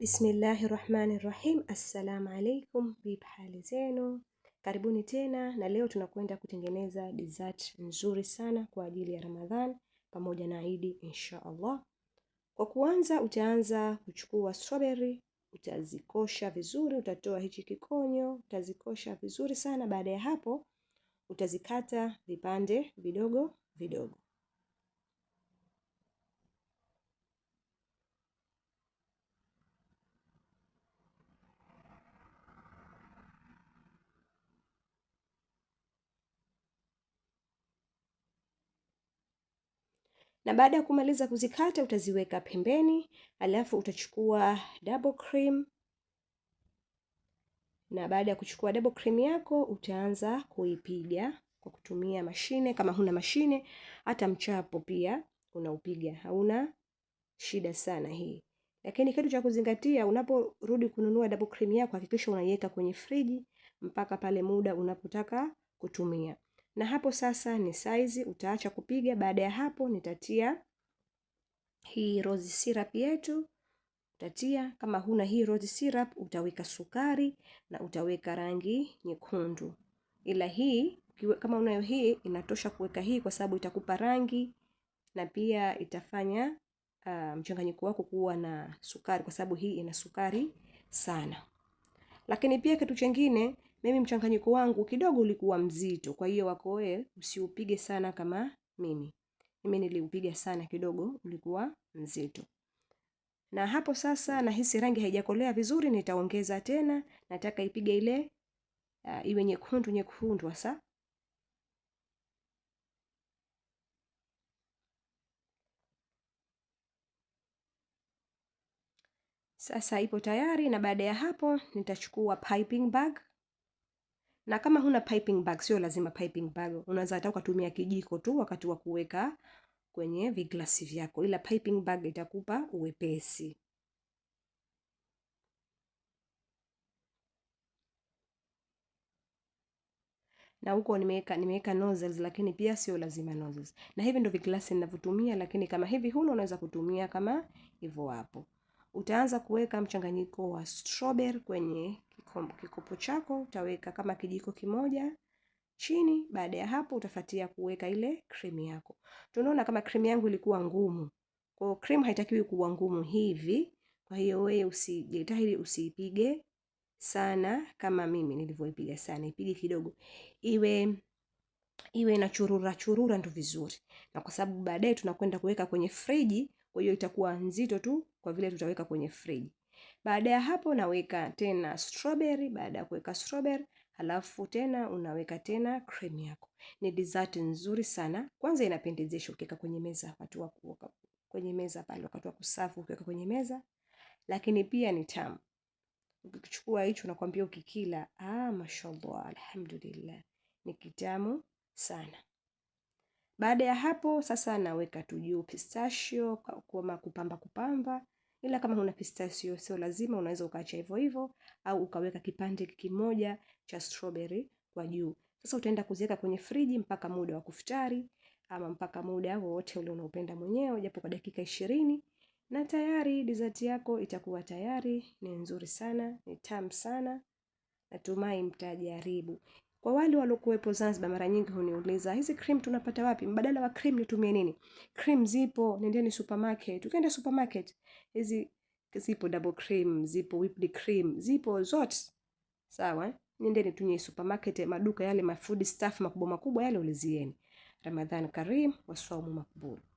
Bismillahi rahmani rahim. Assalamu alaikum, vipi hali zenu? Karibuni tena, na leo tunakwenda kutengeneza dessert nzuri sana kwa ajili ya Ramadhan pamoja na Idi insha Allah. Kwa kuanza, utaanza kuchukua strawberry, utazikosha vizuri, utatoa hichi kikonyo, utazikosha vizuri sana. Baada ya hapo, utazikata vipande vidogo vidogo. na baada ya kumaliza kuzikata utaziweka pembeni, alafu utachukua double cream, na baada ya kuchukua double cream yako utaanza kuipiga kwa kutumia mashine. Kama huna mashine, hata mchapo pia unaupiga, hauna shida sana hii. Lakini kitu cha kuzingatia, unaporudi kununua double cream yako, hakikisha unaiweka kwenye friji mpaka pale muda unapotaka kutumia na hapo sasa ni size, utaacha kupiga. Baada ya hapo nitatia hii rose syrup yetu utatia. Kama huna hii rose syrup, utaweka sukari na utaweka rangi nyekundu, ila hii kama unayo hii inatosha kuweka hii, kwa sababu itakupa rangi na pia itafanya uh, mchanganyiko wako kuwa na sukari, kwa sababu hii ina sukari sana. Lakini pia kitu chengine mimi mchanganyiko wangu kidogo ulikuwa mzito, kwa hiyo wako wewe usiupige sana kama mimi. Mimi niliupiga sana kidogo, ulikuwa mzito. Na hapo sasa nahisi rangi haijakolea vizuri, nitaongeza tena, nataka ipige ile uh, iwe nyekundu nyekundu hasa. Sasa ipo tayari, na baada ya hapo nitachukua piping bag na kama huna piping bag, sio lazima piping bag, unaweza hata ukatumia kijiko tu wakati wa kuweka kwenye viglasi vyako, ila piping bag itakupa uwepesi. na huko nimeweka nimeweka nozzles, lakini pia sio lazima nozzles. Na hivi ndio viglasi ninavyotumia, lakini kama hivi huna unaweza kutumia kama hivyo hapo. Utaanza kuweka mchanganyiko wa strawberry kwenye kikopo chako utaweka kama kijiko kimoja chini. Baada ya hapo, utafuatia kuweka ile cream yako. Tunaona kama cream yangu ilikuwa ngumu, kwa hiyo cream haitakiwi kuwa ngumu hivi. Kwa hiyo wewe usijitahidi, usiipige sana kama mimi nilivyoipiga sana, ipige kidogo, iwe iwe na churura churura, ndo vizuri, na kwa sababu baadaye tunakwenda kuweka kwenye friji, kwa hiyo itakuwa nzito tu, kwa vile tutaweka kwenye friji. Baada ya hapo unaweka tena strawberry. Baada ya kuweka strawberry, halafu tena unaweka tena cream yako. Ni dessert nzuri sana, kwanza inapendezesha ukiweka kwenye meza, wakati wa kuoka kwenye meza pale, wakati wa kusafu ukiweka kwenye meza, lakini pia ni tamu. Ukichukua hicho nakwambia, ukikila ah, mashallah, alhamdulillah, ni kitamu sana. Baada ya hapo sasa naweka tu juu pistachio kwa kupamba kupamba ila kama huna pistachio sio lazima, unaweza ukaacha hivyo hivyo au ukaweka kipande kimoja cha strawberry kwa juu. Sasa utaenda kuziweka kwenye friji mpaka muda wa kufutari ama mpaka muda wowote ule unaopenda mwenyewe, japo kwa dakika ishirini, na tayari dessert yako itakuwa tayari. Ni nzuri sana, ni tamu sana. Natumai mtajaribu. Kwa wale walokuwepo Zanzibar mara nyingi huniuliza, hizi cream tunapata wapi? Mbadala wa cream nitumie nini? Cream zipo, nendeni supermarket. Ukienda supermarket, hizi zipo double cream, zipo whipped cream, zipo zote. Sawa? Nendeni tunye supermarket, maduka yale, mafood stuff makubwa makubwa yale ulizieni. Ramadhan Karim, wasaumu makbul.